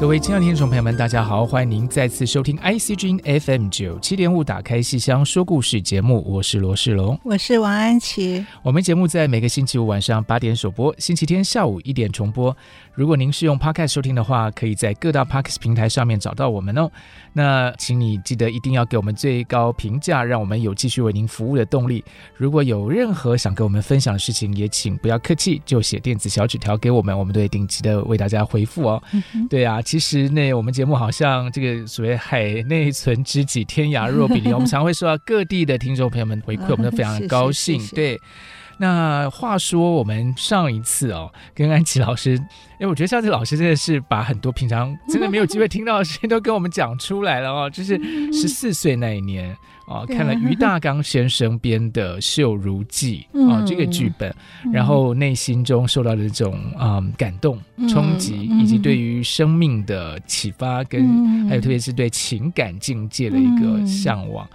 各位親愛的聽眾朋友們，大家好，歡迎您再次收聽 ICG FM 九七點五打開信箱說故事節目，我是羅世龍，我是王安琪。我們節目在每個星期五晚上八點首播，星期天下午一點重播。如果您是用 Podcast 收聽的話，可以在各大 Podcast 平台上面找到我們哦。那請你記得一定要給我們最高評價，讓我們有繼續為您服務的動力。如果有任何想跟我們分享的事情，也請不要客氣，就寫電子小紙條給我們，我們都會定期的為大家回復哦。嗯、對啊。其實呢，我們節目好像這個所謂“海內存知己，天涯若比鄰”， 我們常會收到各地的聽眾朋友們回饋， 我們都非常的高興。 是是是是對，那話說我們上一次哦，跟安祈老師。為、欸、我覺得夏次老師真的是把很多平常真的沒有機會聽到的事情都跟我們講出來了哦。就是十四歲那一年啊，看了俞大綱先生編的《繡襦記》啊，這個劇本，然後內心中受到的這種啊、嗯、感動衝擊，以及對於生命的啟發，跟還有特別是對情感境界的一個向往。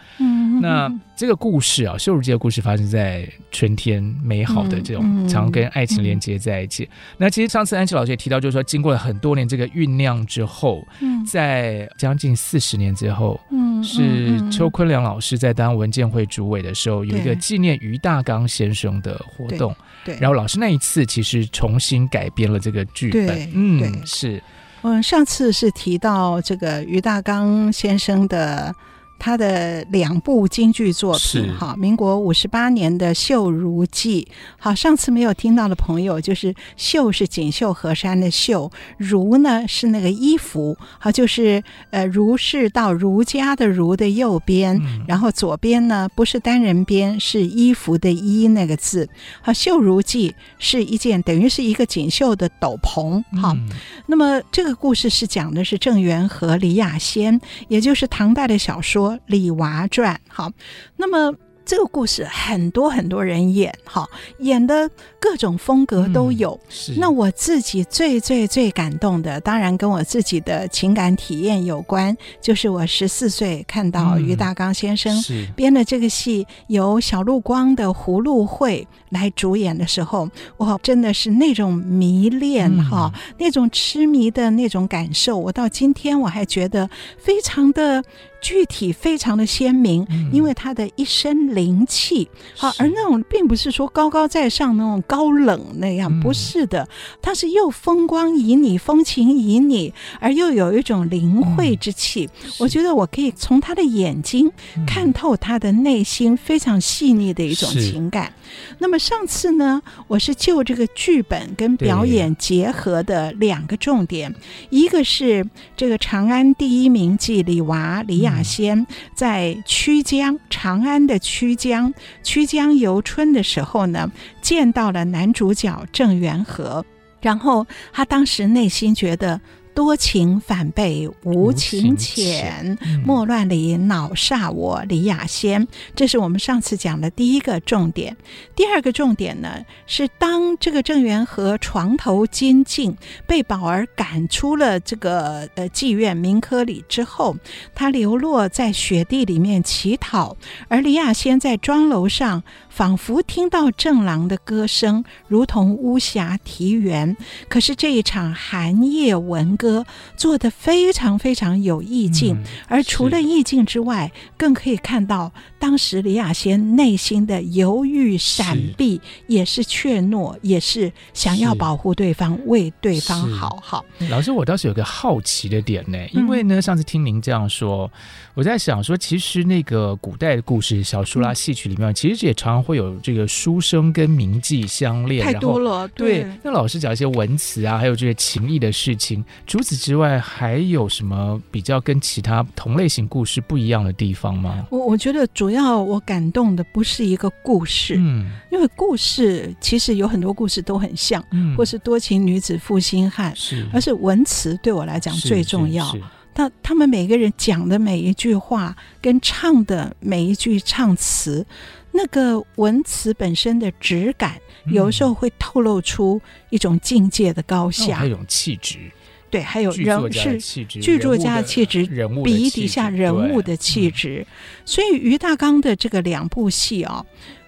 那這個故事啊，《繡襦記》的故事發生在春天，美好的這種常跟愛情連接在一起。那其實上次安祈老師。提到就是說，經過了很多年這個醞釀之後，嗯、在將近四十年之後，嗯，是邱坤良老師在當文建會主委的時候，嗯、有一個紀念俞大綱先生的活動對。對，然後老師那一次其實重新改編了這個劇本。對，嗯，是，嗯，上次是提到這個俞大綱先生的。他的兩部京劇作品，哈，民國五十八年的《繡襦記》。好，上次沒有聽到的朋友，就是“繡”是錦繡河山的秀“繡”，“襦”呢是那個衣服，好，就是呃“儒”是到儒家的“儒”的右邊、嗯，然後左邊呢不是單人邊，是衣服的“衣”那個字。好，《繡襦記》是一件等於是一個錦繡的斗篷。好，嗯、那麼這個故事是講的是鄭元和李亞仙，也就是唐代的小說。《李娃傳》好，那麼這個故事很多很多人演，哈，演的各種風格都有、嗯。那我自己最最最感動的，當然跟我自己的情感體驗有關，就是我十四歲看到俞大綱先生編的這個戲，嗯、由小陸光的《葫蘆會》來主演的時候，哇，真的是那種迷戀哈、嗯哦，那種痴迷的那種感受，我到今天我還覺得非常的。具體非常的鮮明，因為他的一身靈氣、嗯、好，而那種並不是說高高在上那種高冷那樣，嗯、不是的，他是又風光旖旎、風情旖旎，而又有一種靈慧之氣、嗯。我覺得我可以從他的眼睛看透他的內心，非常細膩的一種情感。嗯。那麼上次呢，我是就這個劇本跟表演結合的兩個重點，一個是這個長安第一名妓李娃李亞仙、嗯、在曲江長安的曲江曲江遊春的時候呢，見到了男主角鄭元和，然後他當時內心覺得。多情反被無情遣、嗯，莫亂裡惱煞我李亞仙。這是我們上次講的第一個重點。第二個重點呢，是當這個鄭元和床頭金盡被寶兒趕出了這個呃妓院鳴珂裡之後，他流落在雪地裡面乞討，而李亞仙在莊樓上，仿佛聽到鄭郎的歌聲，如同巫峽啼猿。可是這一場寒夜聞歌。歌做的非常非常有意境、嗯，而除了意境之外，更可以看到當時李亞仙內心的猶豫、閃避，也是怯懦，也是想要保護對方、為對方好，好。好。老師，我倒是有個好奇的點呢、嗯，因為呢，上次聽您這樣說，我在想說，其實那個古代的故事、小說啦戲曲裡面、嗯，其實也常常會有這個書生跟名妓相戀，太多了對。對，那老師講一些文辭啊，還有這些情義的事情。除此之外，還有什麼比較跟其他同類型故事不一樣的地方嗎？我我覺得主要我感動的不是一個故事，嗯，因為故事其實有很多故事都很像，嗯，或是多情女子負心漢，是，而是文詞對我來講最重要。是，他他們每個人講的每一句話，跟唱的每一句唱詞，那個文詞本身的質感，有時候會透露出一種境界的高下，嗯、那還有一種氣質。對，還有人是劇作家的氣質，比物，作家氣質物，物氣質筆底下人物的氣質，嗯、所以俞大綱的這個兩部戲啊，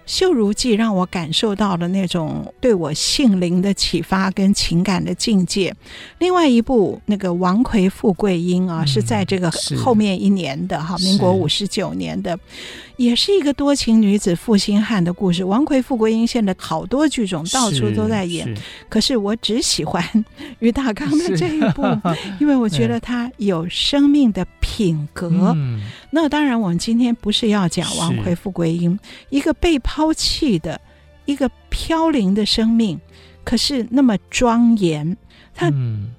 《繡襦記》讓我感受到了那種對我性靈的啟發跟情感的境界。另外一部那個王魁負桂英啊、嗯是，是在這個後面一年的哈、啊，民國五十九年的。也是一個多情女子、負心漢的故事，《王魁負桂英》現在好多劇種到處都在演，是是可是我只喜歡俞大綱的這一部， 因為我覺得他有生命的品格。嗯、那當然，我們今天不是要講《王魁負桂英》，一個被拋棄的、一個飄零的生命，可是那麼莊嚴，他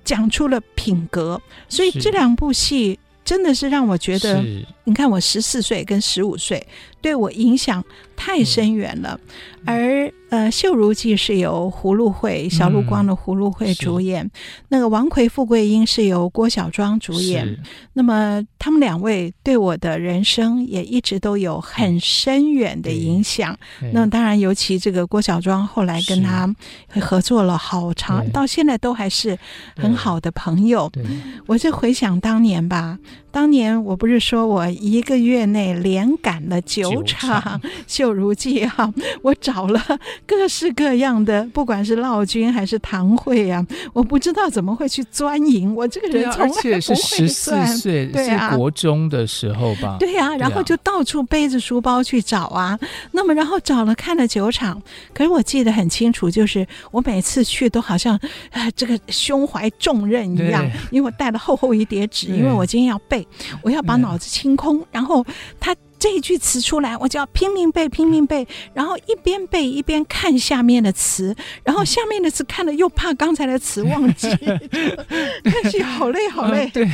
講出了品格，嗯、所以這兩部戲。真的是讓我覺得，你看我十四歲跟十五歲。對我影響太深遠了，嗯、而呃，《繡襦記》是由胡陸蕙、小陸光的胡陸蕙主演，那個王魁負桂英是由郭小莊主演。那麼他們兩位對我的人生也一直都有很深遠的影響。那麼當然，尤其這個郭小莊後來跟他合作了好長，到現在都還是很好的朋友。我就回想當年吧。當年我不是說我一個月內連趕了九場，九場繡襦記哈、啊，我找了各式各樣的，不管是勞軍還是堂會啊，我不知道怎麼會去鑽營，我這個人從來不會鑽，而且是十四歲、啊、是國中的時候吧，對呀、啊啊，然後就到處背着書包去找啊，啊那麼然後找了看了九場，可是我記得很清楚，就是我每次去都好像啊、呃、這個胸懷重任一樣，因為我帶了厚厚一疊紙，因為我今天要背。我要把腦子清空、嗯，然後他這一句詞出來，我就要拼命背，拼命背，然後一邊背一邊看下面的詞，然後下面的詞看了又怕剛才的詞忘記，真、嗯、是好累好累。嗯、對、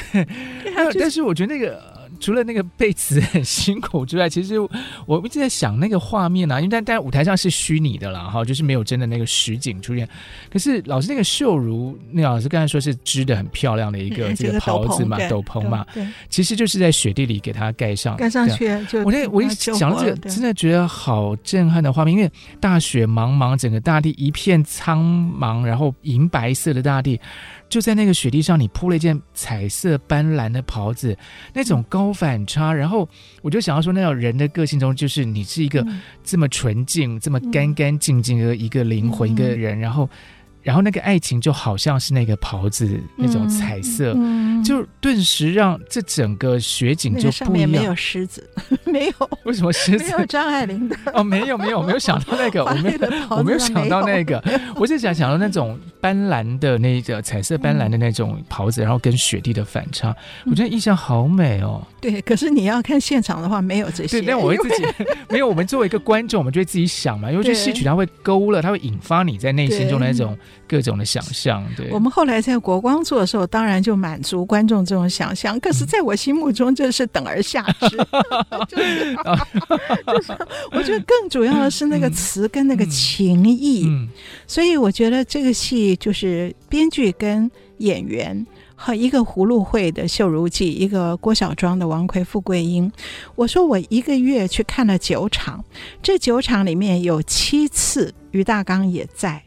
就是，但是我覺得那個。除了那個背詞很辛苦之外，其實我一直在想那個畫面啊，因為但但舞台上是虛擬的了哈，就是沒有真的那個實景出現。可是老師那個繡襦，那老師剛才說是織的很漂亮的一個這個袍子嘛，嗯，這個斗篷，對，斗篷嘛，對對，其實就是在雪地裡給它蓋上。蓋上去就，我那我一想到這個，真的覺得好震撼的畫面，因為大雪茫茫，整個大地一片蒼茫，然後銀白色的大地就在那個雪地上，你鋪了一件彩色斑斕的袍子，嗯、那種高。反差，然後我就想要說，那種人的個性中，就是你是一個這麼純淨、嗯、這麼乾干淨淨的一個靈魂一個人，嗯、然後。然後那個愛情就好像是那個袍子，嗯、那種彩色、嗯，就頓時讓這整個雪景就不一樣。那個、上面沒有獅子，沒有，為什麼獅子？沒有張愛玲的。哦，沒有沒有沒有想到那個，我沒有，沒有我沒有想到那個，我是想想到那種斑斕的那個彩色斑斕的那種袍子，嗯、然後跟雪地的反差，嗯，我覺得印象好美哦。對，可是你要看現場的話，沒有這些。對，但我會自己沒有。我們作為一個觀眾，我們就會自己想嘛，因為戲曲它會勾勒，它會引發你在內心中的那種。各種的想象，對。我們後來在國光做的時候，當然就滿足觀眾這種想象。可是，在我心目中，這是等而下之，嗯、 就是、啊、就是、啊。我覺得更主要的是那個詞跟那個情意。嗯嗯嗯、所以，我覺得這個戲就是編劇跟演員和一個葫蘆會的《繡襦記》，一個郭小莊的《王魁負桂英》。我說，我一個月去看了九場，這九場裡面有七次俞大綱也在。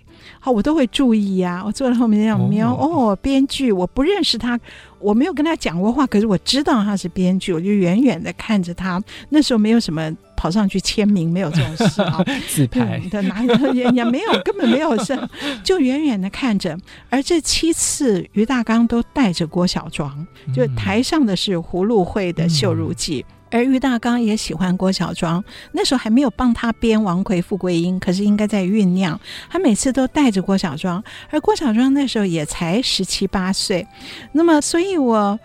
哦、我都會注意呀、啊，我坐在後面這樣瞄哦，編劇，我不認識他，我沒有跟他講過話，可是我知道他是編劇，我就遠遠的看着他。那時候沒有什麼跑上去簽名，沒有這種事啊， 自拍、嗯、的，拿人家沒有，根本沒有事， 就遠遠的看着。而這七次俞大綱都帶着郭小莊，就台上的是葫蘆會的繡襦記。嗯嗯而俞大綱也喜歡郭小莊，那時候還沒有幫他編《王魁負桂英》，可是應該在醞釀。他每次都帶着郭小莊，而郭小莊那時候也才十七八歲。那麼，所以我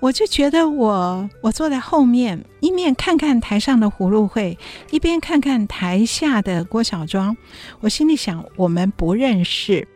我就覺得我，我我坐在後面，一面看看台上的葫蘆會，一邊看看台下的郭小莊。我心裡想，我們不認識，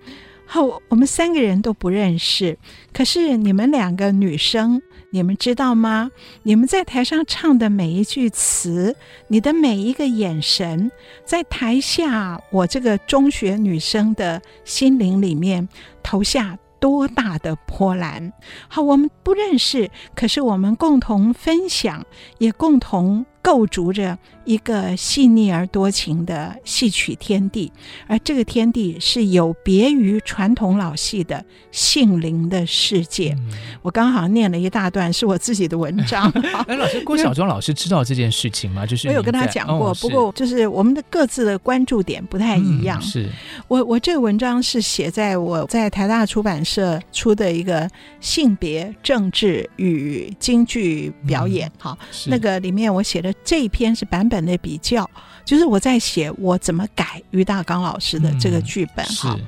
後我們三個人都不認識，可是你們兩個女生。你們知道嗎？你們在台上唱的每一句詞，你的每一個眼神，在台下我這個中學女生的心靈裡面投下多大的波瀾。好，我們不認識，可是我們共同分享，也共同。構築着一個細膩而多情的戲曲天地，而這個天地是有別於傳統老戲的性靈的世界、嗯。我剛好念了一大段，是我自己的文章。哎、嗯嗯，老師，郭小莊老師知道這件事情嗎？就是我有跟他講過，哦、不過就是我們的各自的關注點不太一樣。嗯、是，我我這個文章是寫在我在台大出版社出的一個性別政治與京劇表演哈、嗯，那個裡面我寫的。這一篇是版本的比較。就是我在寫我怎麼改俞大綱老師的這個劇本哈、嗯，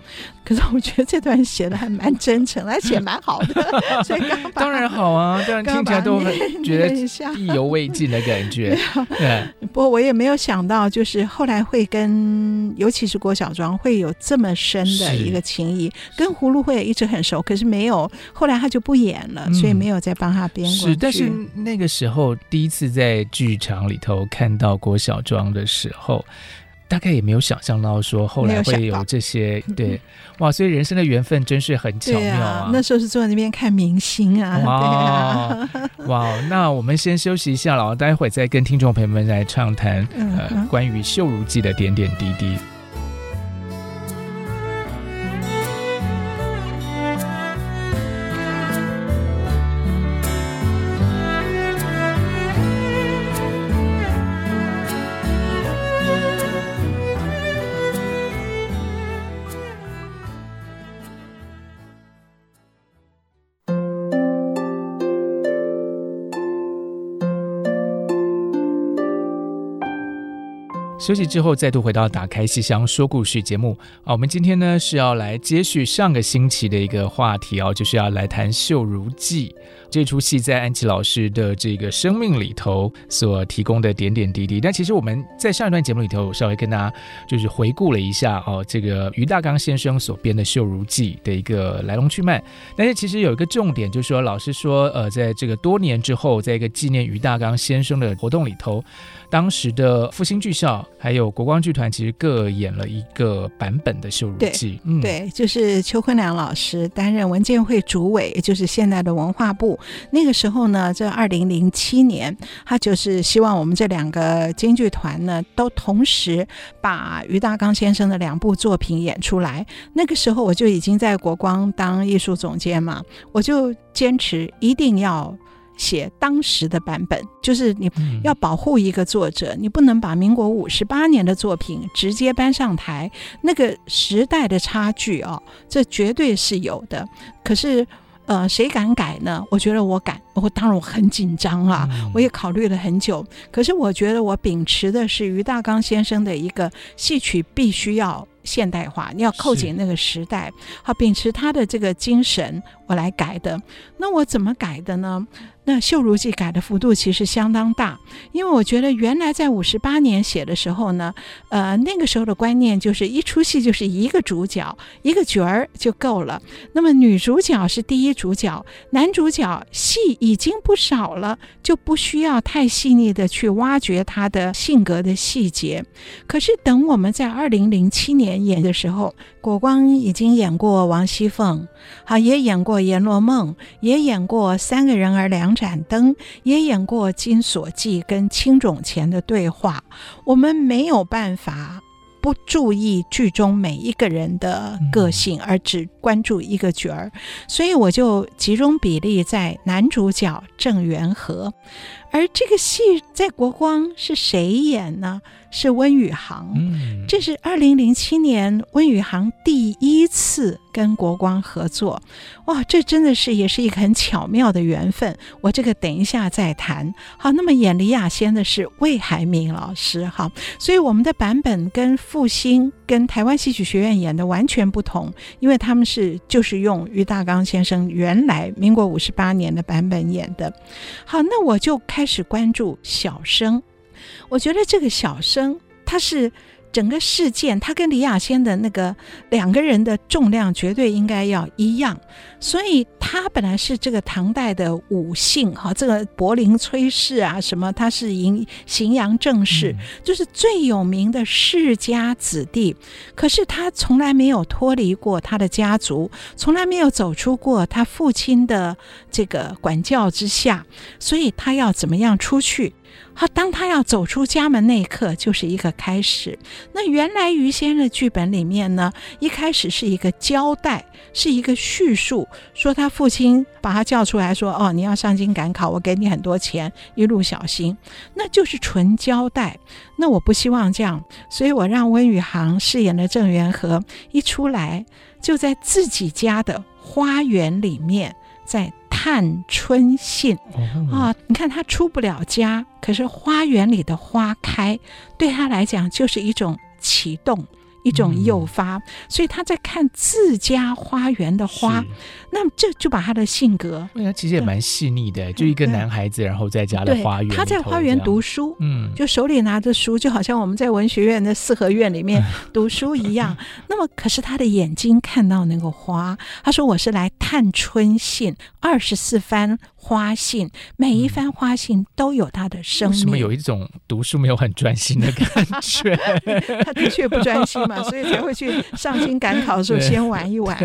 可是我覺得這段寫的還蠻真誠， 而且蠻好的 所以剛把。當然好啊，當然聽起來都很覺得意猶未盡的感覺。對、嗯，不過我也沒有想到，就是後來會跟尤其是郭小莊會有這麼深的一個情誼，跟葫蘆會一直很熟，可是沒有後來他就不演了、嗯，所以沒有再幫他編過。是，但是那個時候第一次在劇場裡頭看到郭小莊的事。後大概也沒有想象到，說後來會有這些有對哇，所以人生的緣分真是很巧妙啊！啊那時候是坐在那邊看明星啊，嗯、對啊哇 哇，那我們先休息一下了，待會再跟聽眾朋友們來暢談、嗯、呃關於繡襦記的點點滴滴。休息之後，再度回到《打開戲箱說故事》節目啊，我們今天呢是要來接續上個星期的一個話題哦，就是要來談《繡襦記》。這出戲在安祈老師的這個生命裡頭所提供的點點滴滴，但其實我們在上一段節目裡頭稍微跟大家就是回顧了一下哦，這個俞大綱先生所編的《繡襦記》的一個來龍去脈。但是其實有一個重點，就是說老師說，呃，在這個多年之後，在一個紀念俞大綱先生的活動裡頭，當時的復興劇校還有國光劇團其實各演了一個版本的《繡襦記》，對。嗯，對，就是邱坤良老師擔任文建會主委，也就是現在的文化部。那個時候呢，在二零零七年，他就是希望我們這兩個京劇團呢，都同時把俞大綱先生的兩部作品演出來。那個時候，我就已經在國光當藝術總監嘛，我就堅持一定要寫當時的版本，就是你要保護一個作者，嗯、你不能把民國五十八年的作品直接搬上台，那個時代的差距啊、哦，這絕對是有的。可是。呃，誰敢改呢？我覺得我敢。我、哦、當然我很緊張啊、嗯，我也考慮了很久。可是我覺得我秉持的是俞大綱先生的一個戲曲必須要現代化，你要扣緊那個時代，好秉持他的這個精神，我來改的。那我怎麼改的呢？那《繡襦記》改的幅度其實相當大，因為我覺得原來在五十八年寫的時候呢，呃，那個時候的觀念就是一出戲就是一個主角一個角兒就夠了。那麼女主角是第一主角，男主角戲。已經不少了，就不需要太細膩地去挖掘他的性格的細節。可是等我們在二零零七年演的時候，國光已經演過王熙鳳，好也演過《閻羅夢》，也演過《三個人兒兩盞燈》，也演過《金鎖記》跟《青塚前》的對話，我們沒有辦法。不注意劇中每一個人的個性，而只關注一個角兒，所以我就集中比例在男主角鄭元和。而這個戲在國光是誰演呢？是溫宇航。嗯，這是二零零七年溫宇航第一次跟國光合作，哇，這真的是也是一個很巧妙的緣分。我這個等一下再談。好，那麼演李亞仙的是魏海敏老師，哈。所以我們的版本跟復興、跟台灣戲曲學院演的完全不同，因為他們是就是用俞大綱先生原來民國五十八年的版本演的。好，那我就開。開始關注小生，我覺得這個小生他是，整個事件，他跟李亞仙的那個兩個人的重量絕對應該要一樣，所以他本來是這個唐代的五姓哈、哦，這個博陵崔氏啊什麼，他是滎滎陽鄭氏，嗯，就是最有名的世家子弟，可是他從來沒有脫離過他的家族，從來沒有走出過他父親的這個管教之下，所以他要怎麼樣出去？好，當他要走出家門那一刻，就是一個開始。那原來俞先生劇本裡面呢，一開始是一個交代，是一個敘述，說他父親把他叫出來說：“哦，你要上京趕考，我給你很多錢，一路小心。”那就是純交代。那我不希望這樣，所以我讓溫宇航飾演的鄭元和一出來，就在自己家的花園裡面，在。探春信，哦、啊！你看他出不了家，可是花園裡的花開，對他來講就是一種啟動。一種誘發、嗯，所以他在看自家花園的花，那麼這就把他的性格，哎呀，其實也蠻細膩的，就一個男孩子，嗯、然後在家的花園裡，他在花園讀書，嗯，就手裡拿着書，就好像我們在文學院的四合院裡面讀書一樣。 那麼可是他的眼睛看到那個花，他說：“我是來探春信二十四番。”花信，每一番花信都有他的生命。嗯、為什麼有一種讀書沒有很專心的感覺？ 他的確不專心嘛， 所以才會去上京趕考的時候先玩一玩。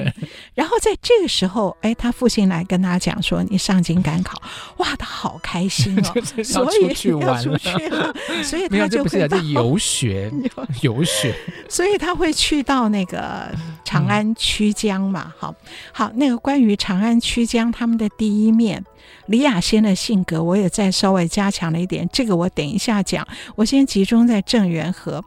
然後在這個時候，哎，他父親來跟他講說：“你上京趕考。”哇，他好開心哦。 就所以要出去了，所以他就不是在遊學，遊學。所以他會去到那個長安曲江嘛？好、嗯，好，那個關於長安曲江他們的第一面。李亞仙的性格，我也再稍微加強了一點。這個我等一下講，我先集中在鄭元和，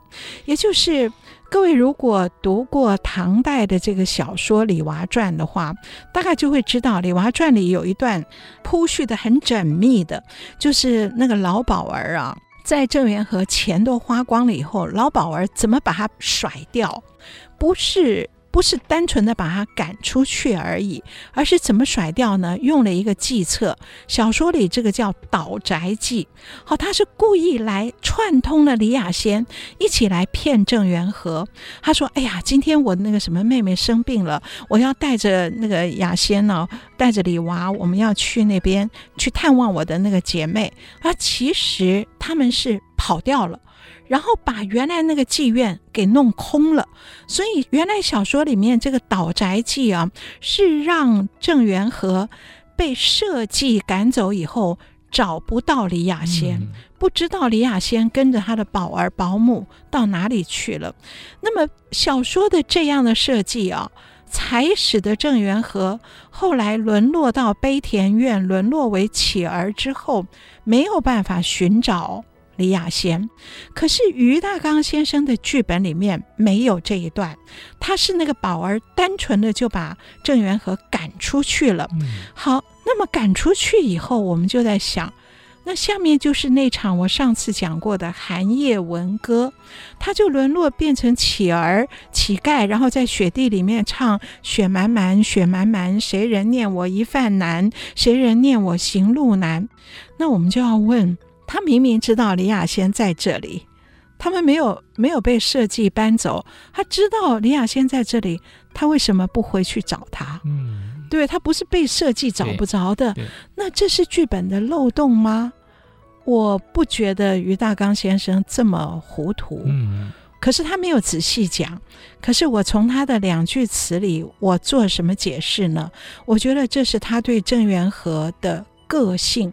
也就是各位如果讀過唐代的這個小說《李娃傳》的話，大概就會知道，《李娃傳》裡有一段鋪敘的很縝密的，就是那個老鴇兒啊，在鄭元和錢都花光了以後，老鴇兒怎麼把他甩掉，不是。不是單純的把他趕出去而已，而是怎麼甩掉呢？用了一個計策，小說裡這個叫“倒宅計”。好，他是故意來串通了李亞仙一起來騙鄭元和。他說：“哎呀，今天我那個什麼妹妹生病了，我要帶着那個亞仙呢，哦，帶着李娃，我們要去那邊去探望我的那個姐妹。”而其實他們是跑掉了。然後把原來那個妓院給弄空了，所以原來小說裡面這個倒宅計啊，是讓鄭元和被設計趕走以後找不到李亞仙、嗯，不知道李亞仙跟着他的鴇兒鴇母到哪裡去了。那麼小說的這樣的設計啊，才使得鄭元和後來淪落到悲田院，淪落為乞兒之後沒有辦法尋找。李亞仙，可是俞大綱先生的劇本裡面沒有這一段，他是那個寶兒單純的就把鄭元和趕出去了、嗯。好，那麼趕出去以後，我們就在想，那下面就是那場我上次講過的寒夜聞歌，他就淪落變成乞兒乞丐，然後在雪地裡面唱雪漫漫，雪漫漫，誰人念我一飯難？誰人念我行路難？那我們就要問。他明明知道李亞仙在這裡，他們沒有沒有被設計搬走。他知道李亞仙在這裡，他為什麼不回去找他？嗯，對，他不是被設計找不着的。那這是劇本的漏洞嗎？我不覺得俞大綱先生這麼糊塗。嗯，可是他沒有仔細講。可是我從他的兩句詞裡，我做什麼解釋呢？我覺得這是他對鄭元和的個性，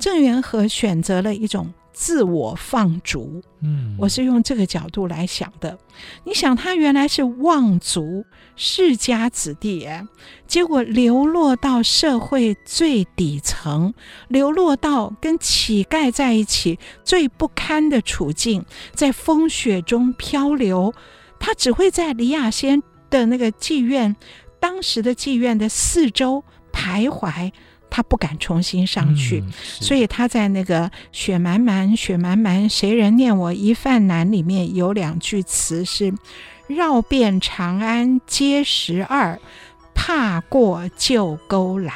鄭元和選擇了一種自我放逐。嗯，我是用這個角度來想的。你想，他原來是望族、世家子弟，結果流落到社會最底層，流落到跟乞丐在一起最不堪的處境，在風雪中漂流。他只會在李亞仙的那個妓院，當時的妓院的四周徘徊。他不敢重新上去，嗯、所以他在那個雪漫漫“雪漫漫，雪漫漫，誰人念我一飯難”裡面有兩句詞是：“繞遍長安街十二，怕過舊勾欄。”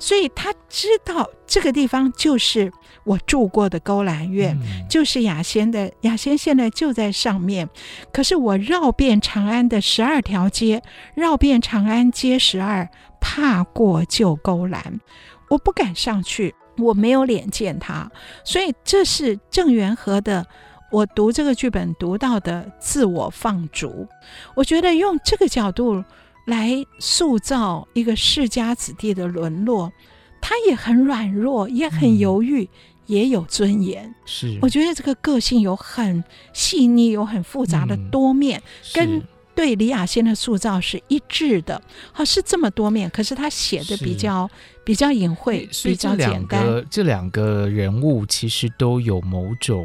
所以他知道這個地方就是我住過的勾欄院、嗯，就是亞仙的亞仙現在就在上面。可是我繞遍長安的十二條街，繞遍長安街十二。踏過舊勾欄，我不敢上去，我沒有臉見他，所以這是鄭元和的。我讀這個劇本讀到的自我放逐，我覺得用這個角度來塑造一個世家子弟的淪落，他也很軟弱，也很猶豫、嗯，也有尊嚴。是，我覺得這個個性有很細膩，有很複雜的多面。跟、嗯。對李亞仙的塑造是一致的，好是這麼多面，可是他寫的比較比較隱晦，比較簡單。這兩個，這兩個人物其實都有某種，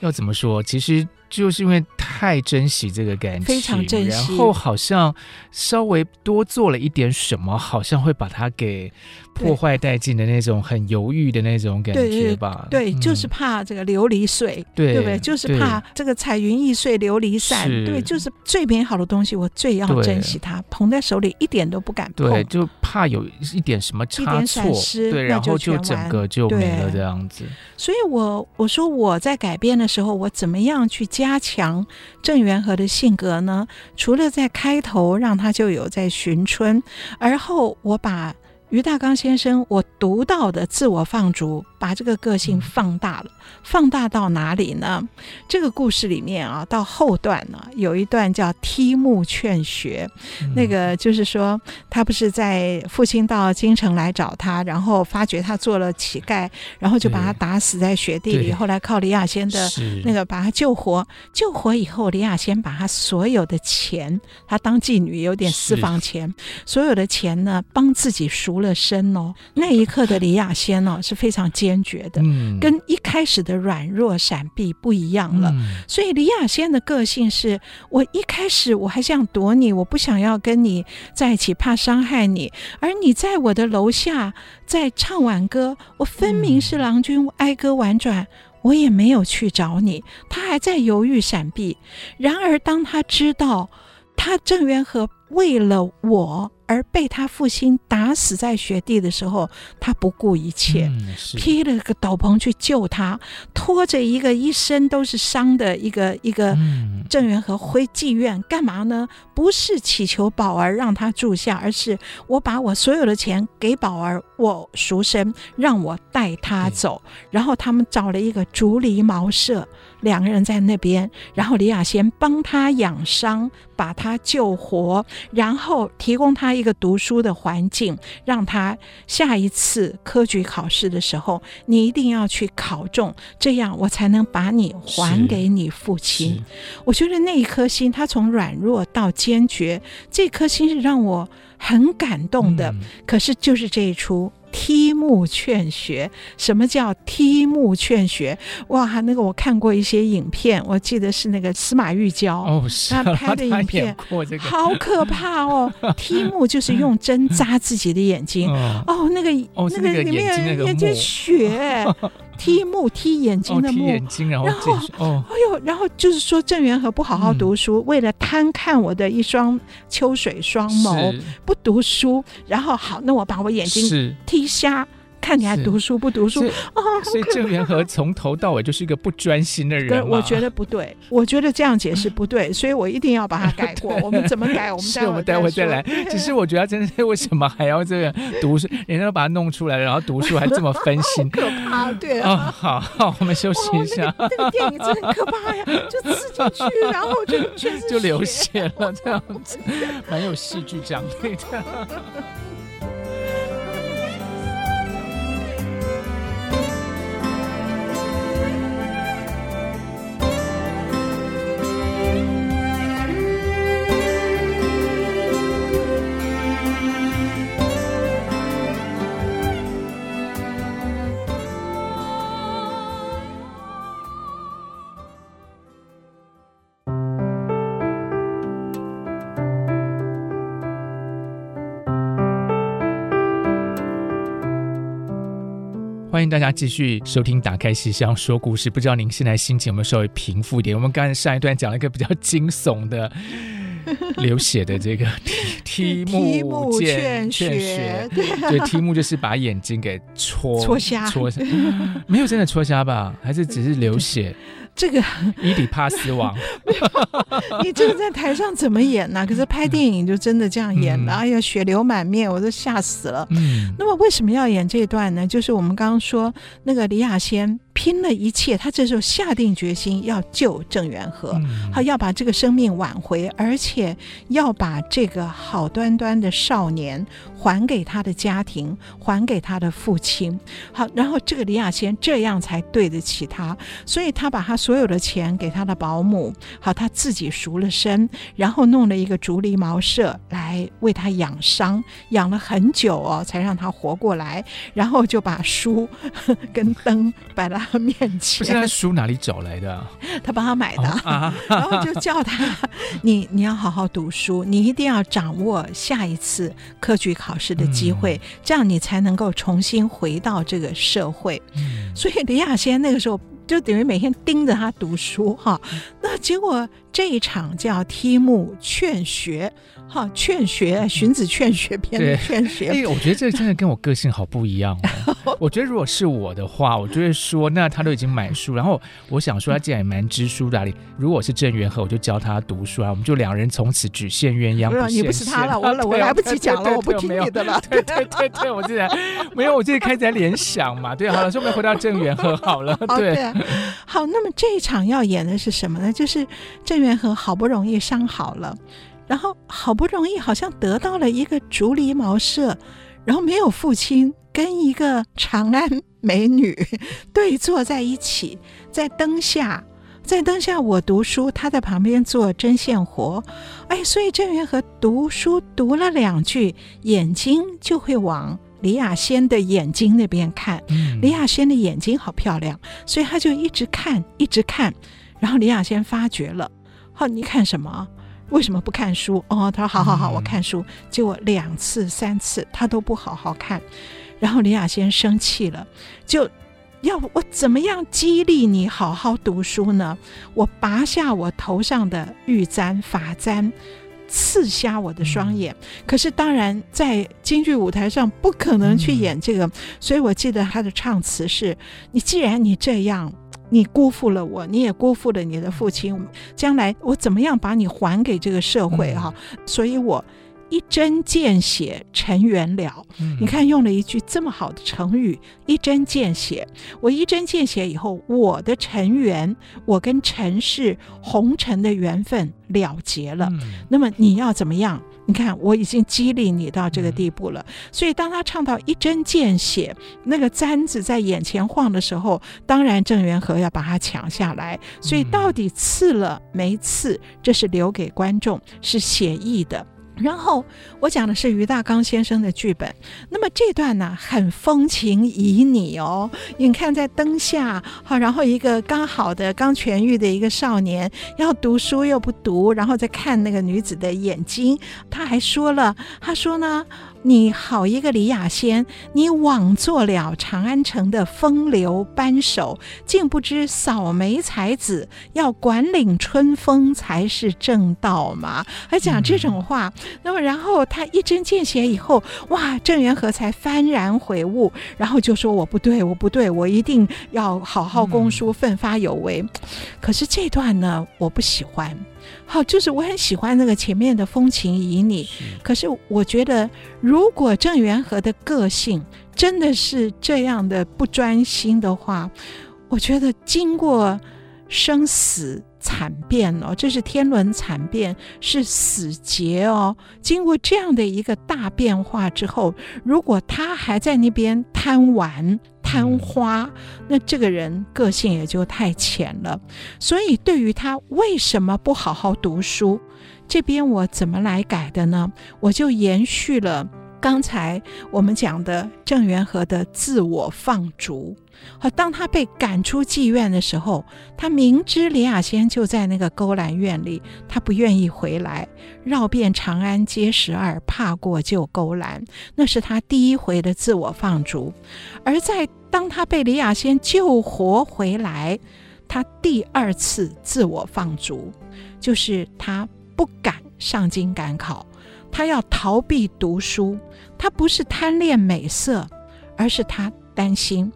要怎麼說？其實。就是因為太珍惜這個感覺非常珍惜，然後好像稍微多做了一點什麼，好像會把它給破壞殆盡的那種，很猶豫的那種感覺吧？對，對嗯、就是怕這個琉璃碎，對不對？就是怕這個彩雲易碎琉璃散，對，對，對，就是最美好的東西，我最要珍惜它，捧在手裡一點都不敢碰，對，就怕有一點什麼差錯，一點閃失，對，然後就整個就沒了這樣子。所以我我說我在改編的時候，我怎麼樣去？加強鄭元和的性格呢？除了在開頭讓他就有在尋春，而後我把，俞大綱先生，我讀到的自我放逐，把這個個性放大了，嗯、放大到哪裡呢？這個故事裡面啊，到後段呢、啊，有一段叫“剔目勸學、嗯”，那個就是說，他不是在父親到京城來找他，然後發覺他做了乞丐，然後就把他打死在雪地裡。後來靠李亞仙的、那個、那個把他救活，救活以後，李亞仙把他所有的錢，他當妓女有點私房錢，所有的錢呢，幫自己贖了身哦，那一刻的李亞仙呢、哦、 是非常堅決的，跟一開始的軟弱閃避不一樣了。嗯、所以李亞仙的個性是：我一開始我還想躲你，我不想要跟你在一起，怕傷害你。而你在我的樓下在唱輓歌，我分明是郎君哀歌婉轉、嗯，我也沒有去找你。他還在猶豫閃避，然而當他知道他鄭元和為了我。而被他父親打死在雪地的時候，他不顧一切，披、嗯、了個斗篷去救他，拖着一個一身都是傷的一個一個鄭元和回妓院、嗯、幹嘛呢？不是祈求鴇兒讓他住下，而是我把我所有的錢給鴇兒，我贖身，讓我帶他走。然後他們找了一個竹籬茅舍。兩個人在那邊，然後李亞仙幫他養傷，把他救活，然後提供他一個讀書的環境，讓他下一次科舉考試的時候，你一定要去考中，這樣我才能把你還給你父親。我覺得那一顆心，他從軟弱到堅決，這顆心是讓我很感動的。嗯、可是就是這一出。剔目勸學，什麼叫剔目勸學？哇，那個我看過一些影片，我記得是那個司馬玉嬌他，哦啊、拍的影片，這個，好可怕哦！剔 目就是用針扎自己的眼睛，哦，哦那個，哦、那個裡面有點血，欸。 剔目剔眼睛的目、哦，然後，然後，然後、哦，哎呦，然後就是說鄭元和不好好讀書，嗯、為了貪看我的一雙秋水雙眸，不讀書，然後好，那我把我眼睛剔瞎。那你還讀書不讀書？所以鄭、哦、元和從頭到尾就是一個不專心的人。我覺得不對，我覺得這樣解釋不對，所以我一定要把它改過。 我們怎麼改？我們待我們待會再來。只是我覺得，真是為什麼還要這個讀書？人家都把它弄出來，然後讀書還這麼分心， 可怕。對、啊哦，好好,好，我們休息一下。哦那個、那個電影真的可怕呀， 就刺進去，然後就、就是、就流血了，這樣子， 蠻有戲劇張力的。 歡迎大家繼續收聽《打開信箱說故事》。不知道您現在心情有沒有稍微平復一點？我們剛才上一段講了一個比較驚悚的、 流血的這個題目 ——“勸學”對啊。對，剔目就是把眼睛給戳、戳瞎、戳瞎。 沒有真的戳瞎吧？還是只是流血？ 這個 伊底帕斯王，你這個在台上怎麼演呢、啊？ 可是拍電影就真的這樣演了、嗯，哎呀，血流滿面，我都嚇死了。嗯、那麼為什麼要演這一段呢？就是我們剛剛說那個李亞仙。拼了一切，他這時候下定決心要救鄭元和，嗯、好，要把這個生命挽回，而且要把這個好端端的少年還給他的家庭，還給他的父親。好，然後這個李亞仙這樣才對得起他，所以他把他所有的錢給他的保姆，好，他自己贖了身，然後弄了一個竹籬茅舍來為他養傷，養了很久哦，才讓他活過來，然後就把書跟燈擺了。他面前現在書哪裡找來的？他幫他買的、哦啊，然後就叫他， 你你要好好讀書，你一定要掌握下一次科舉考試的機會，嗯、這樣你才能夠重新回到這個社會。嗯、所以李亞仙那個時候就等於每天盯着他讀書哈、嗯。那結果這一場叫《剔目勸學》。哦、勸學，荀子勸學篇勸學、欸。我覺得這個真的跟我個性好不一樣、哦、 我覺得如果是我的話，我就會說，那他都已經買書，然後我想說他竟然也蠻知書的、啊，如果是鄭元和，我就教他讀書啊。我們就兩人從此只羨鴛鴦，你不是他了，我、啊、我，我來不及講了，對對對對對，我不聽你的了。對對對對，我之前 沒有，我就是開始在聯想嘛。對，好了，說我們回到鄭元和好了 好。對，好，那麼這一場要演的是什麼呢？就是鄭元和好不容易傷好了。然後好不容易好像得到了一個竹籬茅舍，然後沒有父親跟一個長安美女對坐在一起，在燈下，在燈下我讀書，她在旁邊做針線活。哎，所以鄭元和讀書讀了兩句，眼睛就會往李亞仙的眼睛那邊看。嗯、李亞仙的眼睛好漂亮，所以他就一直看，一直看。然後李亞仙發覺了，好、哦，你看什麼？為什麼不看書？哦，他說好好好，嗯，我看書。結果兩次三次他都不好好看，然後李亞仙生氣了，就要我怎麼樣激勵你好好讀書呢？我拔下我頭上的玉簪髮簪。法簪刺瞎我的雙眼，嗯、可是當然在京劇舞臺上不可能去演這個，嗯，所以我記得他的唱詞是：你既然你這樣，你辜負了我，你也辜負了你的父親，將來我怎麼樣把你還給這個社會哈、啊嗯？所以我。一針見血，塵緣了。你看，用了一句這麼好的成語，“一針見血”。我一針見血以後，我的塵緣，我跟塵世紅塵的緣分了結了。那麼你要怎麼樣？你看，我已經激勵你到這個地步了。所以，當他唱到“一針見血”，那個簪子在眼前晃的時候，當然鄭元和要把它搶下來。所以，到底刺了沒刺，這是留給觀眾是寫意的。然後我講的是俞大綱先生的劇本，那麼這段呢，很風情旖旎哦，你看在燈下，好，然後一個剛好的、剛痊癒的一個少年，要讀書又不讀，然後再看那個女子的眼睛，他還說了，他說呢。你好，一個李亞仙，你枉做了長安城的風流班首，竟不知掃眉才子要管領春風才是正道嘛！還講這種話、嗯，那麼然後他一針見血以後，哇，鄭元和才幡然悔悟，然後就說我不對，我不對，我一定要好好攻書，奮發有為、嗯。可是這段呢，我不喜歡。好，就是我很喜歡那個前面的風情旖旎，可是我覺得，如果鄭元和的個性真的是這樣的不專心的話，我覺得經過生死。慘變哦，這是天倫慘變，是死結哦。經過這樣的一個大變化之後，如果他還在那邊貪玩貪花，那這個人個性也就太淺了。所以，對於他為什麼不好好讀書，這邊我怎麼來改的呢？我就延續了剛才我們講的鄭元和的自我放逐。好，當他被趕出妓院的時候，他明知李亞仙就在那個勾欄院裡，他不願意回來，繞遍長安街十二，怕過舊勾欄。那是他第一回的自我放逐。而在當他被李亞仙救活回來，他第二次自我放逐，就是他不敢上京趕考，他要逃避讀書。他不是貪戀美色，而是他擔心。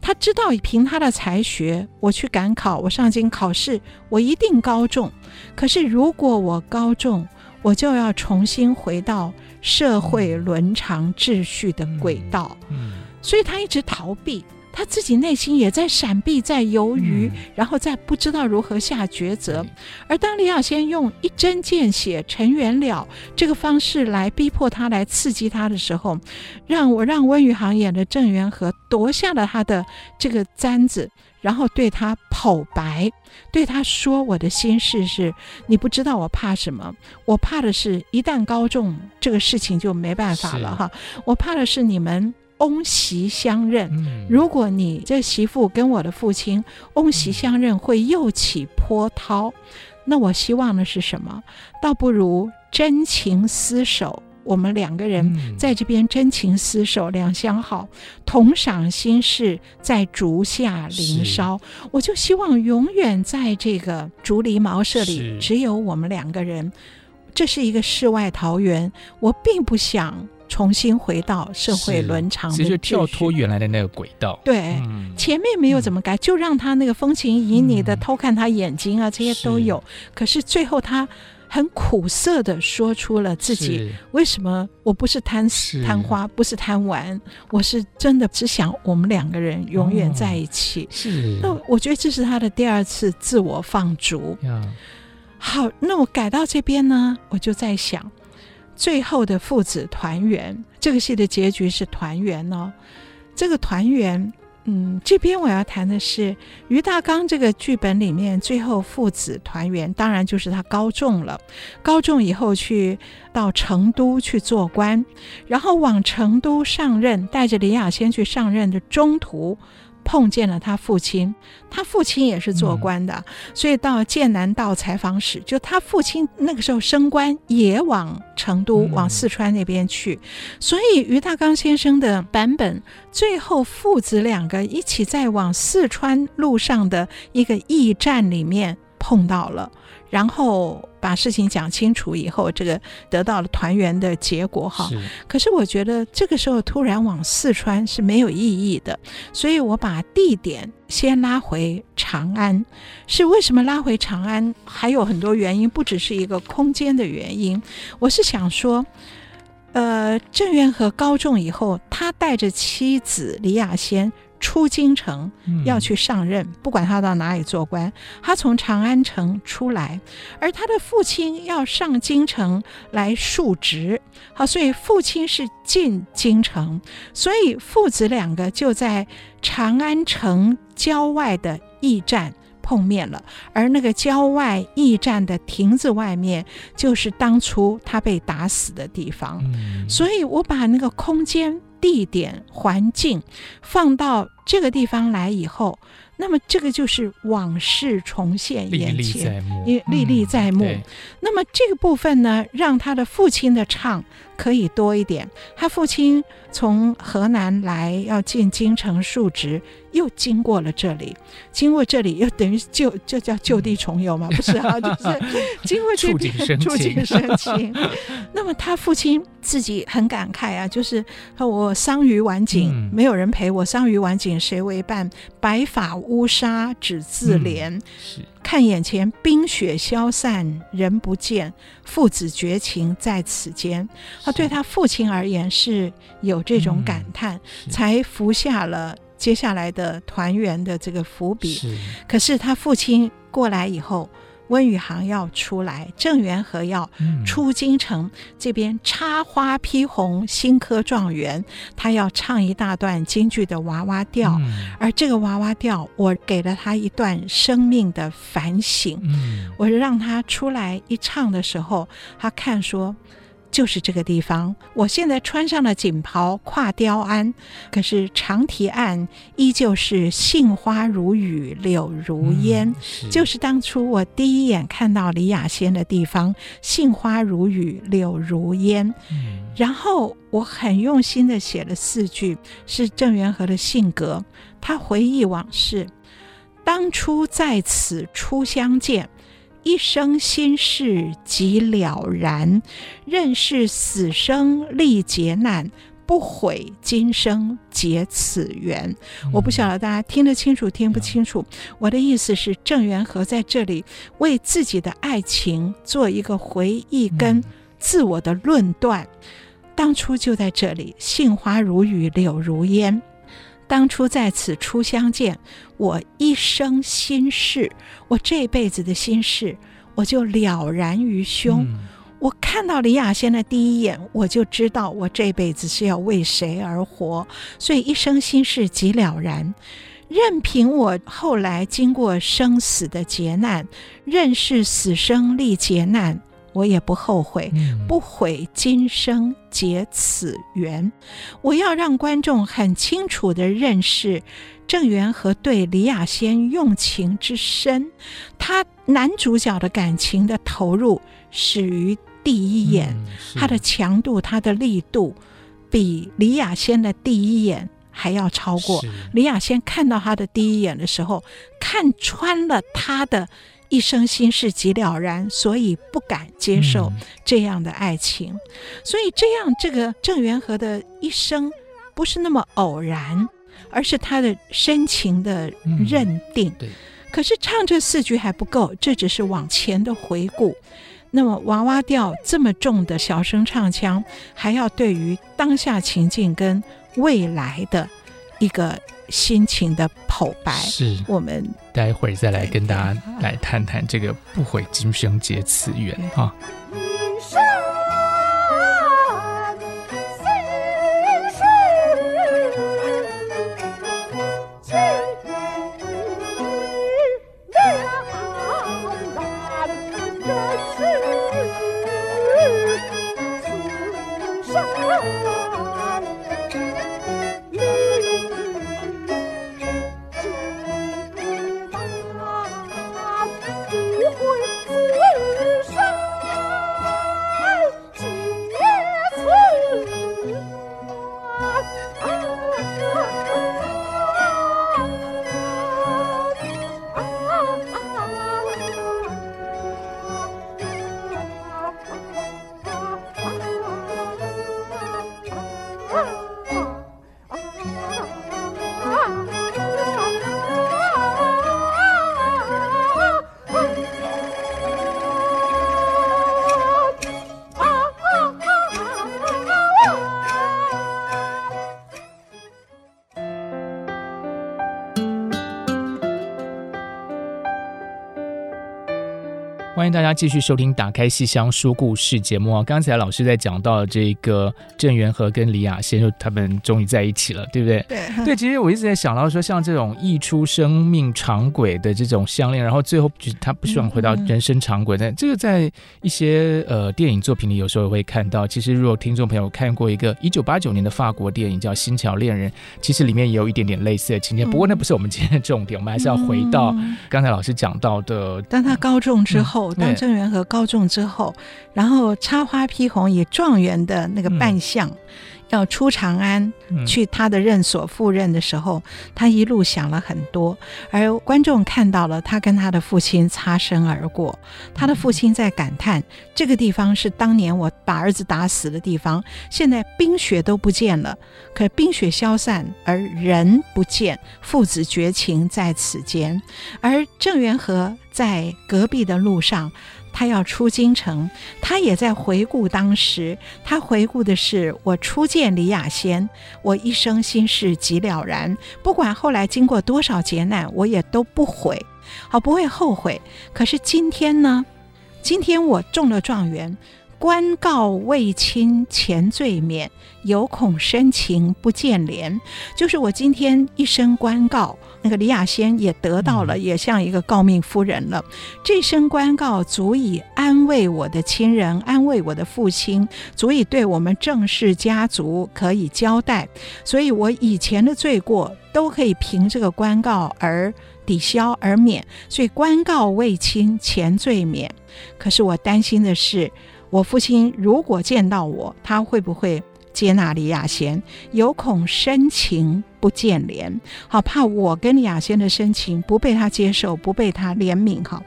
他知道，憑他的才學，我去趕考，我上京考試，我一定高中。可是，如果我高中，我就要重新回到社會倫常秩序的軌道。嗯，嗯，所以他一直逃避。他自己內心也在閃避，在猶豫、嗯，然後在不知道如何下抉擇。而當李亞仙用一針見血、成緣了這個方式來逼迫他、來刺激他的時候，讓我讓溫宇航演的鄭元和奪下了他的這個簪子，然後對他剖白，對他說：“我的心事是你不知道，我怕什麼？我怕的是一旦高中這個事情就沒辦法了哈。我怕的是你們。”翁媳相認、嗯，如果你這媳婦跟我的父親翁媳相認，會又起波濤、嗯。那我希望的是什麼？倒不如真情廝守。我們兩個人在這邊真情廝守，兩、嗯、相好，同賞心事，在竹下林梢。我就希望永遠在這個竹籬茅舍裡，只有我們兩個人，這是一個世外桃源。我並不想。重新回到社會倫常，這就跳脫原來的那個軌道。對、嗯，前面沒有怎麼改，就讓他那個風情旖旎的、嗯、偷看他眼睛啊，這些都有。可是最後他很苦澀的說出了自己，為什麼我不是貪吃是貪花，不是貪玩，我是真的只想我們兩個人永遠在一起。哦、是，那我覺得這是他的第二次自我放逐。嗯、好，那我改到這邊呢，我就在想。最後的父子團圓，這個戲的結局是團圓哦。這個團圓，嗯，這邊我要談的是俞大綱這個劇本裡面最後父子團圓，當然就是他高中了，高中以後去到成都去做官，然後往成都上任，帶着李亞仙去上任的中途。碰見了他父親，他父親也是做官的，嗯、所以到劍南道採訪使，就他父親那個時候升官，也往成都、嗯、往四川那邊去，所以俞大綱先生的版本，最後父子兩個一起在往四川路上的一個驛站裡面碰到了，然後。把事情講清楚以後，這個得到了團圓的結果哈。可是我覺得這個時候突然往四川是沒有意義的，所以我把地點先拉回長安。是為什麼拉回長安？還有很多原因，不只是一個空間的原因。我是想說，呃，鄭元和高中以後，他帶着妻子李亞仙。出京城要去上任，嗯，不管他到哪裡做官，他從長安城出來，而他的父親要上京城來述職，好，所以父親是進京城，所以父子兩個就在長安城郊外的驛站碰面了，而那個郊外驛站的亭子外面，就是當初他被打死的地方，嗯，所以我把那個空間。地點環境放到這個地方來以後，那麼這個就是往事重現眼前，歷歷在目，歷歷在目、嗯。那麼這個部分呢，讓他的父親的唱。可以多一點。他父親從河南來，要進京城述職，又經過了這裡。經過這裡，又等於就這叫舊地重遊嘛、嗯，不是啊，就是經過這裡， 觸景生情。 那麼他父親自己很感慨啊，就是我桑榆晚景、嗯，沒有人陪我桑榆晚景，誰為伴？白髮烏紗只自憐、嗯。是看眼前冰雪消散，人不見，父子絕情在此間。他對他父親而言是有這種感嘆，才伏下了接下來的團圓的這個伏筆是。可是他父親過來以後，溫宇航要出來，鄭元和要出京城、嗯、這邊插花披紅，新科狀元，他要唱一大段京劇的娃娃調、嗯。而這個娃娃調，我給了他一段生命的反省。嗯、我讓他出來一唱的時候，他看說。就是這個地方，我現在穿上了錦袍，跨雕鞍，可是長堤岸依舊是杏花如雨，柳如煙、嗯。就是當初我第一眼看到李亞仙的地方，杏花如雨，柳如煙。嗯、然後我很用心地寫了四句，是鄭元和的性格。他回憶往事，當初在此初相見。一生心事即了然，任是死生歷劫難，不悔今生結此緣。嗯。我不曉得大家聽得清楚聽不清楚，我的意思是，鄭元和在這裡為自己的愛情做一個回憶跟自我的論斷。嗯。當初就在這裡，杏花如雨，柳如煙。當初在此初相見，我一生心事，我這輩子的心事，我就了然於胸。嗯、我看到李亞仙的第一眼，我就知道我這輩子是要為誰而活，所以一生心事即了然。任憑我後來經過生死的劫難，任是死生歷劫難。我也不後悔，嗯、不悔今生結此緣。我要讓觀眾很清楚地認識鄭元和對李亞仙用情之深。他男主角的感情的投入始於第一眼，嗯、他的強度、他的力度，比李亞仙的第一眼還要超過。李亞仙看到他的第一眼的時候，看穿了他的。一生心事極了然，所以不敢接受這樣的愛情，嗯、所以這樣這個鄭元和的一生不是那麼偶然，而是他的深情的認定。嗯、對、可是唱這四句還不夠，這只是往前的回顧。那麼娃娃調這麼重的小生唱腔，還要對於當下情境跟未來的，一個。心情的剖白是，我們待會再來跟大家來談談這個“不悔今生結此緣”啊。歡迎大家繼續收聽《打開戲箱說故事》節目啊、哦！剛才老師在講到這個鄭元和跟李亞仙，就他們終於在一起了，對不對？對對，其實我一直在想到說，像這種溢出生命常軌的這種相戀，然後最後他不希望回到人生常軌，嗯、但這個在一些呃電影作品裡有時候也會看到。其實，如果聽眾朋友看過一個一九八九年的法國電影叫《新橋戀人》，其實裡面也有一點點類似的情節。嗯、不過，那不是我們今天的重點，我們還是要回到剛才老師講到的。但、嗯、他高中之後。嗯當鄭元和高中之後、嗯，然後插花披紅，以狀元的那個扮相，嗯要出長安去他的任所赴任的時候，嗯，他一路想了很多，而觀眾看到了他跟他的父親擦身而過，他的父親在感嘆，嗯，這個地方是當年我把兒子打死的地方，現在冰雪都不見了，可冰雪消散而人不見，父子絕情在此間，而鄭元和在隔壁的路上。他要出京城，他也在回顧當時。他回顧的是我初見李亞仙，我一生心事極了然。不管後來經過多少劫難，我也都不悔，我不會後悔。可是今天呢？今天我中了狀元。官告未清前罪免，有恐深情不見憐。就是我今天一聲官告，那個李亞仙也得到了，嗯、也像一個誥命夫人了。這聲官告足以安慰我的親人，安慰我的父親，足以對我們鄭氏家族可以交代。所以，我以前的罪過都可以憑這個官告而抵消而免。所以，官告未清前罪免。可是我擔心的是。我父親如果見到我，他會不會接納李亞仙？有恐深情不見憐，好怕我跟李亞仙的深情不被他接受，不被他憐憫。好，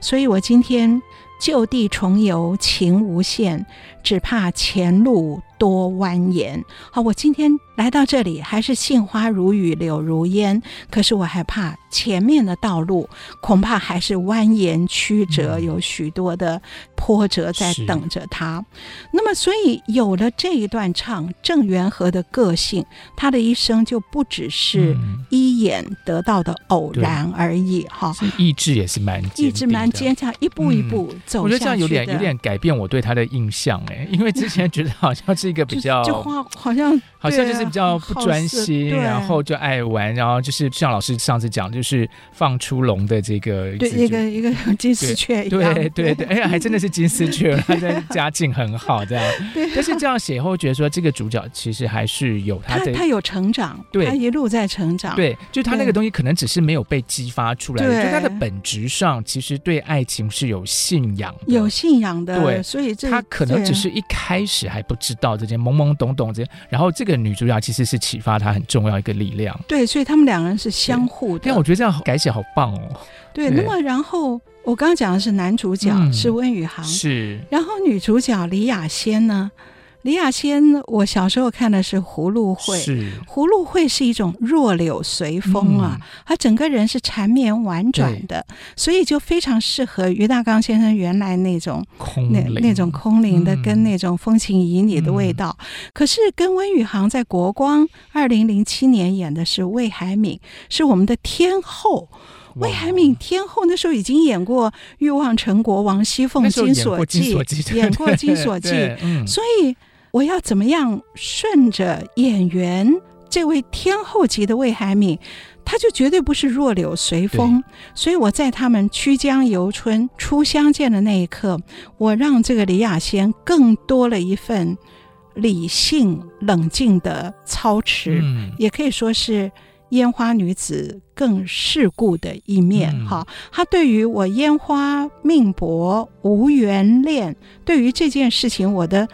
所以我今天舊地重遊，情無限，只怕前路。多蜿蜒，好，我今天來到這裡還是杏花如雨，柳如煙，可是我害怕前面的道路恐怕還是蜿蜒曲折，有許多的波折在等着他、嗯。那麼，所以有了這一段唱，鄭元和的個性，他的一生就不只是一眼得到的偶然而已。哈，意志也是蠻意志蠻堅強，一步一步走下去的、嗯。我覺得這樣有點有點改變我對他的印象、欸，哎，因為之前覺得好像是。一、這個比較，好像。好像就是比較不專心、啊，然後就愛玩，然後就是像老師上次講，就是放出籠的這個一就對， 對一個一個金絲雀一樣，對，對對對，哎 呀、欸，還真的是金絲雀，他、啊、在家境很好，這樣對、啊。但是這樣寫以後，覺得說這個主角其實還是有他的他，他有成長，對。他一路在成長，對，對就是他那個東西可能只是沒有被激發出來的對對，就他的本質上其實對愛情是有信仰，有信仰的，對，所以他可能只是一開始還不知道這些懵懵懂懂這些，然後這個。這個、女主角其實是啟發他很重要一個力量，對，所以他們兩個人是相互的。但我覺得這樣改寫好棒哦。對，那麼然後我剛剛講的是男主角、嗯、是溫宇航，是，然後女主角李亞仙呢？李亞仙我小時候看的是《葫蘆會》，《葫蘆會》是,葫蘆會是一種弱柳隨風啊，她、嗯、整個人是纏綿婉轉的，所以就非常適合俞大綱先生原來那種空靈那,那種空靈的、嗯、跟那種風情旖旎的味道、嗯。可是跟溫宇航在國光二零零七年演的是魏海敏，是我們的天后魏海敏天後，那時候已經演過《欲望城國》、王熙鳳、金鎖記，演過《金鎖記》嗯，所以。我要怎麼樣順着演員這位天後級的魏海敏，她就絕對不是弱柳隨風。所以我在他們曲江遊春初相見的那一刻，我讓這個李亞仙更多了一份理性冷靜的操持、嗯，也可以說是煙花女子更世故的一面。哈、嗯，她對於我煙花命薄無緣戀，對於這件事情我的。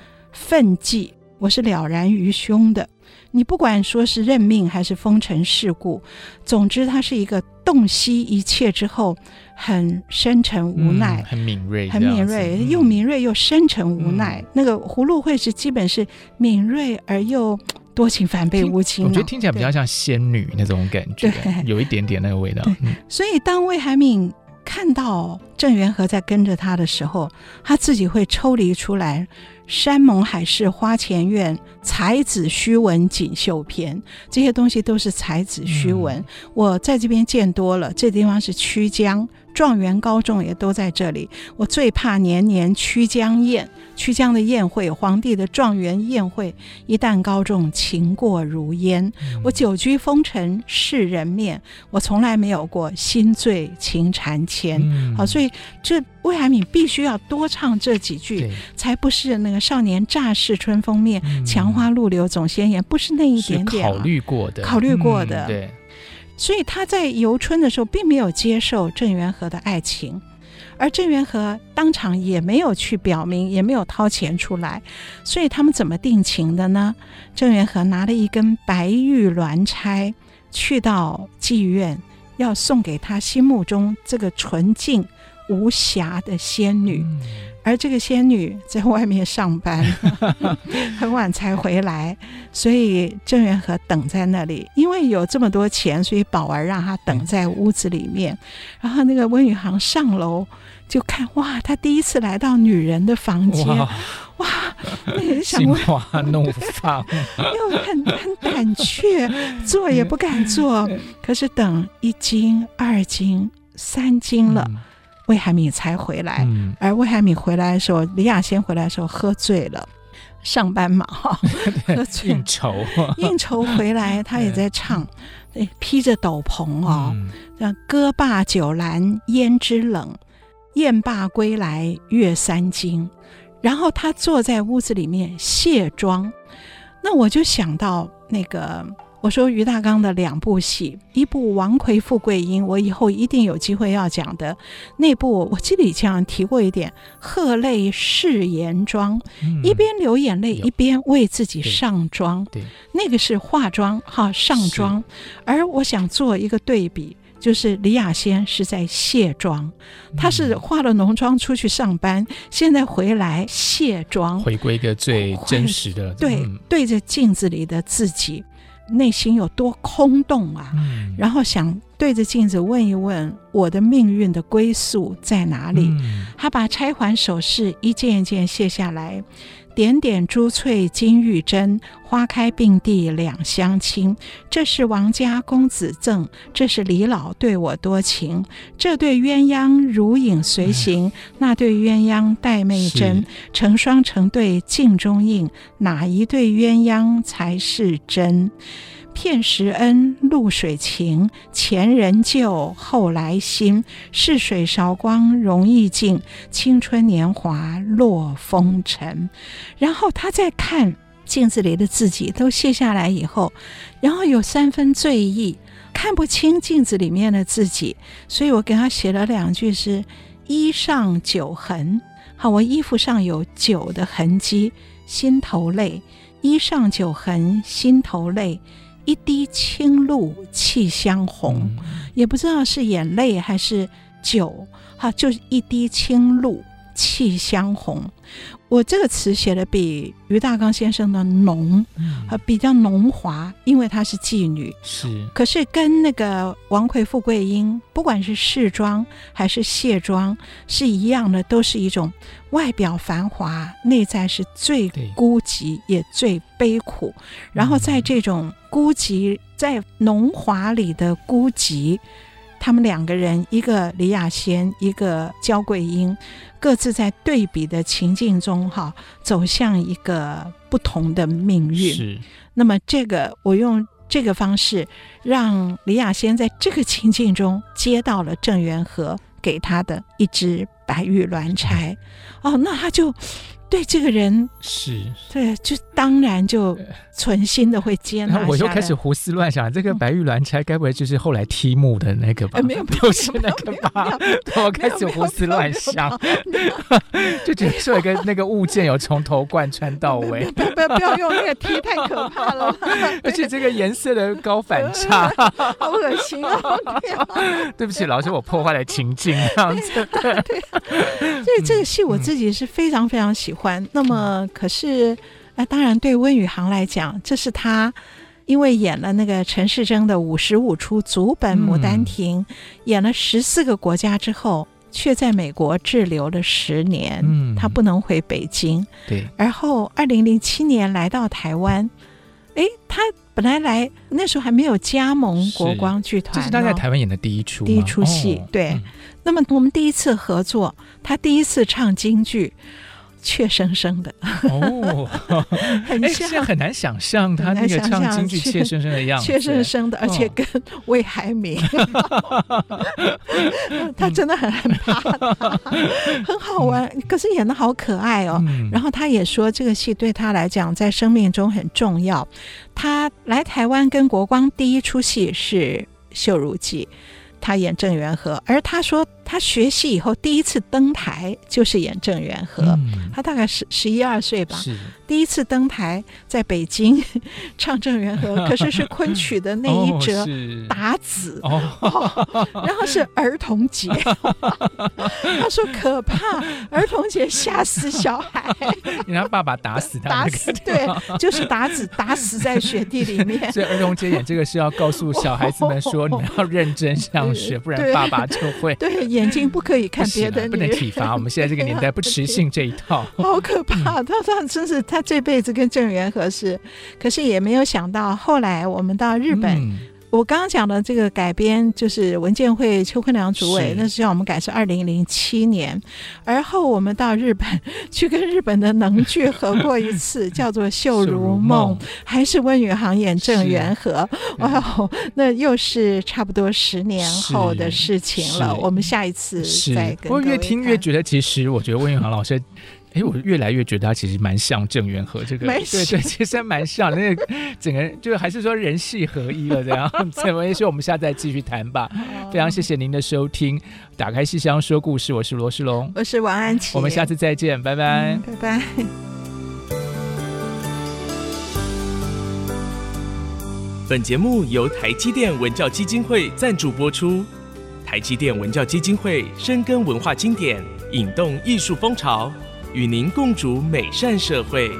憤悸，我是了然於胸的。你不管說是認命還是風塵世故，總之他是一個洞悉一切之後，很深沉無奈，嗯、很，敏很敏銳，很敏銳又敏銳又深沉無奈，嗯。那個葫蘆會是基本是敏銳而又多情反被無情。我覺得聽起來比較像仙女那種感覺，有一點點那個味道。嗯、所以當魏海敏看到。鄭元和在跟着他的時候，他自己會抽離出來。山盟海誓、花前院、才子虛文、錦繡篇，這些東西都是才子虛文。嗯。我在這邊見多了，這地方是曲江。狀元高中也都在這裡。我最怕年年曲江宴，曲江的宴會，皇帝的狀元宴會，一旦高中情過如煙、嗯。我久居風塵世人面，我從來沒有過心醉情纏前。好、嗯啊，所以這魏海敏必須要多唱這幾句，才不是那個少年乍試春風面、嗯，牆花路柳總鮮艷，不是那一點點、啊、是考慮過的，考慮過的，嗯、對。所以他在遊春的時候，並沒有接受鄭元和的愛情，而鄭元和當場也沒有去表明，也沒有掏錢出來，所以他們怎麼定情的呢？鄭元和拿了一根白玉鸞釵，去到妓院，要送給他心目中這個純淨無瑕的仙女。嗯而這個仙女在外面上班， 很晚才回來，所以鄭元和等在那裡。因為有這麼多錢，所以寶兒讓他等在屋子裡面。嗯、然後那個溫宇航上樓就看，哇，他第一次來到女人的房間，哇，哇，想問 花弄房， 又很很膽怯，坐也不敢坐，嗯，可是等一更、二更、三更了。嗯魏海敏才回來，而魏海敏回來的時候，李亞仙回來的時候喝醉了。上班嘛，呵呵 喝醉應酬應酬回來，他也在唱，哎、披着斗篷哦，那、嗯、歌罷酒闌，胭脂冷，雁罷歸來月三更。然後他坐在屋子裡面卸妝，那我就想到那個。我說俞大綱的兩部戲，一部《王魁負桂英》，我以後一定有機會要講的那部。我記得以前好像提過一點，和淚試顏妝、嗯，一邊流眼淚一邊為自己上妝。對，對那個是化妝哈上妝。而我想做一個對比，就是李亞仙是在卸妝，她、嗯、是化了濃妝出去上班，現在回來卸妝，回歸一個最真實的,、哦、真實的對、嗯、對着鏡子裡的自己。內心有多空洞啊！嗯、然後想對着鏡子問一問，我的命運的歸宿在哪裡？嗯、他把釵環首飾一件一件卸下來。點點珠翠金玉針，花開並蒂兩相親。這是王家公子贈，這是李老對我多情。這對鴛鴦如影隨形，那對鴛鴦黛眉針，成雙成對鏡中映。哪一對鴛鴦才是真？片時恩，露水情；前人舊，後來新。逝水韶光容易盡，青春年華落風塵。然後他再看鏡子裡的自己，都卸下來以後，然後有三分醉意，看不清鏡子裡面的自己。所以我給他寫了兩句詩：是衣上酒痕。好，我衣服上有酒的痕跡，心頭淚。衣上酒痕，心頭淚。一滴清露泣香紅、嗯，也不知道是眼淚還是酒，哈、啊，就是一滴清露泣香紅。我這個詞寫的比俞大綱先生的濃，呃、嗯，比較濃華，因為她是妓女。是。可是跟那個王魁負桂英，不管是試妝還是卸妝，是一樣的，都是一種外表繁華，內在是最孤寂也最悲苦、嗯。然後在這種。孤寂在《濃華》裡的孤寂，他們兩個人，一個李亞仙，一個焦桂英，各自在對比的情境中，哈、哦，走向一個不同的命運。是。那麼，這個我用這個方式，讓李亞仙在這個情境中接到了鄭元和給他的一支白玉鸞釵。哦，那他就對這個人是，對就。當然就存心的會接，那我就開始胡思亂想、嗯，這個白玉蘭釵該不會就是後來剔目的那個吧？欸、沒有沒有，不是那個吧 對？我開始胡思亂想， 就覺得說，一個那個物件有從頭貫穿到尾，不要，不要，不，要，不，要不要用那個剔，太可怕了，而且這個顏色的高反差，好惡心，對不起老師，我破壞了情境，這樣子。對，對對對對，所以這個戲我自己是非常非常喜歡。嗯、那麼可是。那、啊、當然，對溫宇航來講，這是他因為演了那個陳士爭的五十五出祖本《牡丹亭》，嗯、演了十四個國家之後，卻在美國滯留了十年、嗯，他不能回北京。對，而後二零零七年來到台灣，誒，他本來來那時候還沒有加盟國光劇團，是這是他在台灣演的第一出第一出戲。哦、對、嗯，那麼我們第一次合作，他第一次唱京劇。怯生生的哦，哎、 欸，現在很難想象他那個唱京劇怯生生的樣子。怯生生的，而且跟魏海敏，哦、 他真的很害怕，很，大大 很好玩。 可是演的好可愛哦、嗯。然後他也說，這個戲對他來講，在生命中很重要。他來台灣跟國光第一出戲是《繡襦記》。他演鄭元和，而他說他學戲以後第一次登台就是演鄭元和、嗯，他大概是十一二歲吧，第一次登台在北京唱鄭元和，可是是昆曲的那一折打子， 哦哦哦、然後是兒童節， 他說可怕兒童節嚇死小孩，你讓爸爸打死他，打死對，就是打子打死在雪地裡面。所以兒童節演這個是要告訴小孩子們說、 哦、你要認真這樣。不然爸爸就會對，對眼睛不可以看別的人不、啊，不能體罰。我們現在這個年代不時興這一套， 好可怕。嗯、他他真是他這輩子跟鄭元和是，可是也沒有想到後來我們到日本。嗯我剛剛講的這個改編，就是文建會邱坤良主委，是那是讓我們改，是二零零七年，而後我們到日本去跟日本的能劇合過一次， 叫做《繡襦夢》， 襦夢，還是溫宇航演鄭元和，哇哦，那又是差不多十年後的事情了。我們下一次再跟。跟過越聽越覺得，其實我覺得溫宇航老師。 哎，我越來越覺得他其實蠻像鄭元和這個沒事，對對，其實還蠻像的 那個，整個人就還是說人戲合一了這樣。所以說，我們下次再繼續談吧、哦。非常謝謝您的收聽，《打開信箱說故事》，我是羅世龍，我是王安祈，我們下次再見，嗯、拜拜、嗯，拜拜。本節目由台積電文教基金會贊助播出，台積電文教基金會深耕文化經典，引動藝術風潮。與您共築美善社會。